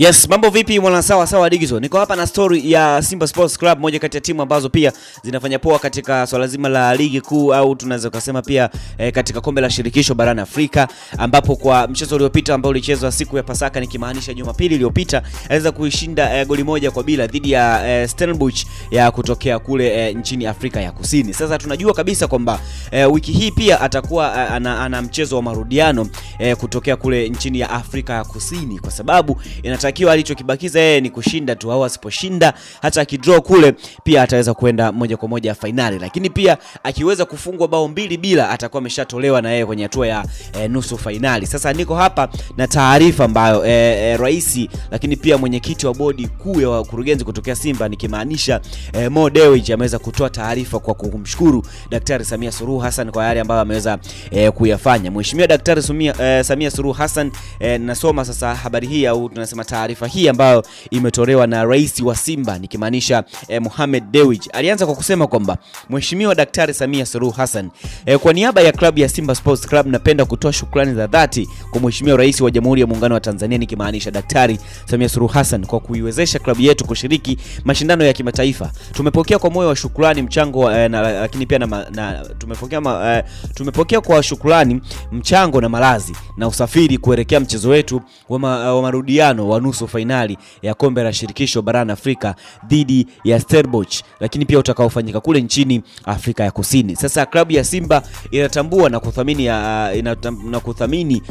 Yes, mambo vipi mwana sawa sawa Digital. Niko hapa na story ya Simba Sports Club, moja kati ya timu ambazo pia zinafanya poa katika swala zima la ligi kuu au tunaweza kusema pia e, katika kombe la shirikisho barani Afrika ambapo kwa mchezo uliopita ambao ulichezwa siku ya Pasaka nikimaanisha Jumapili iliyopita aliweza kuishinda e, goli moja kwa bila dhidi ya e, Stellenbosch ya kutokea kule e, nchini Afrika ya Kusini. Sasa tunajua kabisa kwamba e, wiki hii pia atakuwa a, ana, ana mchezo wa marudiano e, kutokea kule nchini ya Afrika ya Kusini kwa sababu inata kinachotakiwa alichokibakiza yeye ni kushinda tu, au asiposhinda hata akidraw kule pia ataweza kwenda moja kwa moja fainali, lakini pia akiweza kufungwa bao mbili bila atakuwa ameshatolewa na yeye kwenye hatua ya e, nusu fainali. Sasa niko hapa na taarifa ambayo e, e, rais lakini pia mwenyekiti wa bodi kuu ya wakurugenzi kutokea Simba nikimaanisha e, Mo Dewji ameweza kutoa taarifa kwa kumshukuru Daktari Samia Suluhu Hassan kwa yale ambayo ameweza e, kuyafanya. Mheshimiwa Daktari Sumia, e, Samia Suluhu Hassan e, nasoma sasa habari hii au tunasema taarifa hii ambayo imetolewa na rais wa Simba nikimaanisha eh, Mohamed Dewji alianza kwa kusema kwamba Mheshimiwa Daktari Samia Suluhu Hassan eh, kwa niaba ya klabu ya Simba Sports Club napenda kutoa shukrani za dhati kwa Mheshimiwa Rais wa Jamhuri ya Muungano wa Tanzania nikimaanisha Daktari Samia Suluhu Hassan kwa kuiwezesha klabu yetu kushiriki mashindano ya kimataifa. Tumepokea kwa moyo wa shukrani mchango eh, na, lakini pia na, na, tumepokea, ma, eh, tumepokea kwa shukrani mchango na malazi na usafiri kuelekea mchezo wetu wa, ma, wa marudiano wa nusu fainali ya kombe la shirikisho barani Afrika dhidi ya Stellenbosch, lakini pia utakaofanyika kule nchini Afrika ya Kusini. Sasa klabu ya Simba inatambua na kuthamini, ya, eh, inatambua na kuthamini